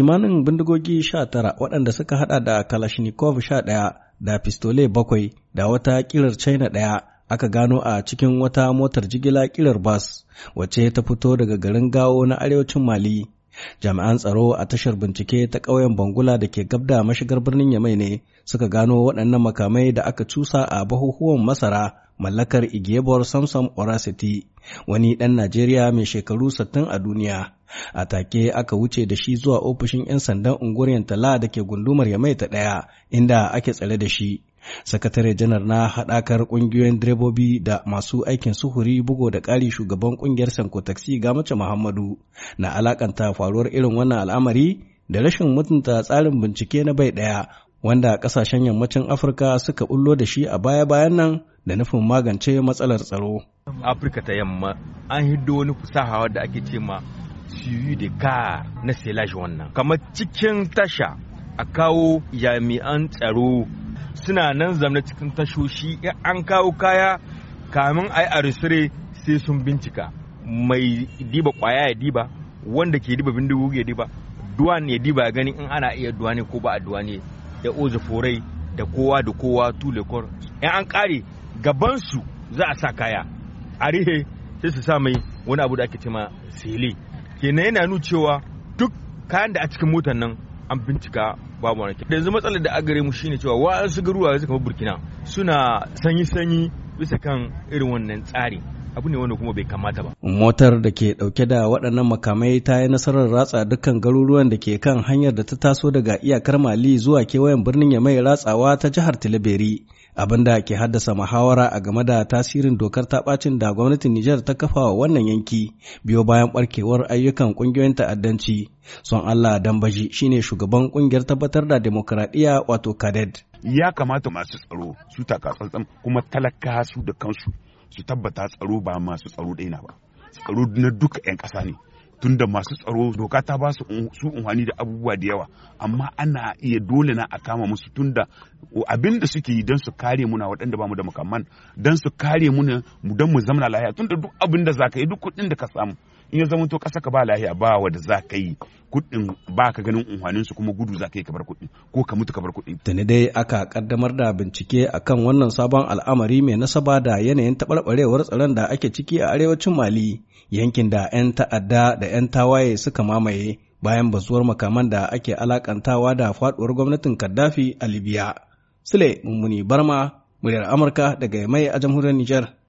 kimanin bindigogi sha tara waɗanda suka hada da kalashnikov sha ɗaya da pistole bakwai da wata kirar china ɗaya aka gano a cikin wata motar jigila kirar bas wacce ta fito daga garin gawo na arewacin mali jami'an tsaro a tashar bincike ta ƙauyen bangula da ke gabda mashigar birnin yamai ne suka gano waɗannan makamai da aka cusa a bahuhuwan masara mallakar igiyebor samsam orasiti wani ɗan najeriya mai shekaru 60 a duniya a take aka wuce da shi zuwa ofishin 'yan sandan unguriyar tala da ke gundumar yamai ta ɗaya inda ake tsare da shi sakatare janar na haɗakar ƙungiyoyin direbobi da masu aikin suhuri bugo da ƙari shugaban ƙungiyar sanko taxi mace muhammadu na alakanta faruwar irin wannan al'amari da rashin mutunta tsarin bincike na bai ɗaya wanda ƙasashen yammacin afirka suka bullo da shi a baya-bayan nan da nufin magance matsalar tsaro afirka ta yamma an hiddo wani fasaha da ake ce ma suyi da kar na selaji wannan kamar cikin tasha a kawo jami'an tsaro suna nan zamna cikin tashoshi an kawo kaya kamin a yi arisire sai sun bincika mai diba kwaya ya diba wanda ke diba bindigogi ya diba duwan ya diba gani in ana iya duwane ko ba a duwane da oza forai da kowa da kowa tulekor in an kare gabansu za a sa kaya a rihe sai su sa mai wani abu da ake cema sele kenan yana nuna cewa duk kayan da a cikin motar nan an bincika babu wani da yanzu matsalar da agare mu shine cewa wa'ansu garuruwa su kamar burkina suna sanyi-sanyi bisa kan irin wannan tsari abu ne wanda kuma bai kamata ba. Motar da ke ɗauke da waɗannan makamai ta yi nasarar ratsa dukkan garuruwan da ke kan hanyar da ta taso daga iyakar Mali zuwa kewayen birnin ya Yamai ratsawa ta jihar tilibiri Abin da ke haddasa muhawara a game da tasirin dokar ta bacin da gwamnatin Nijar ta kafa wa wannan yanki biyo bayan barkewar ayyukan ƙungiyoyin ta'addanci. Son Allah Dambaji shine shugaban kungiyar tabbatar da demokradiyya wato Kaded. Ya kamata masu tsaro su taka tsantsan kuma talaka su da kansu su tabbata tsaro ba masu tsaro ɗaya ba tsaro na duka 'yan ƙasa ne tunda masu tsaro doka ta ba su unhani da abubuwa da yawa amma ana iya dole na a kama musu tunda abin da suke yi don su kare muna waɗanda ba mu da makaman don su kare muna mu don mu zamana lahiya tunda duk abin da za ka yi duk kuɗin da ka samu in ya zama to ƙasa ka ba lahiya ba wanda za ka yi kuɗin ba ka ganin unhwanin kuma gudu za ka yi kabar kuɗin ko ka mutu kabar kuɗin. Tani dai aka kaddamar da bincike a kan wannan sabon al'amari mai nasaba da yanayin taɓarɓarewar tsaron da ake ciki a arewacin Mali yankin da 'yan ta'adda da 'yan tawaye suka mamaye bayan basuwar makaman da ake alakantawa da faɗuwar gwamnatin Kaddafi a Libya. Sule Mummuni Barma, muryar Amurka daga mai a jamhuriyar Nijar.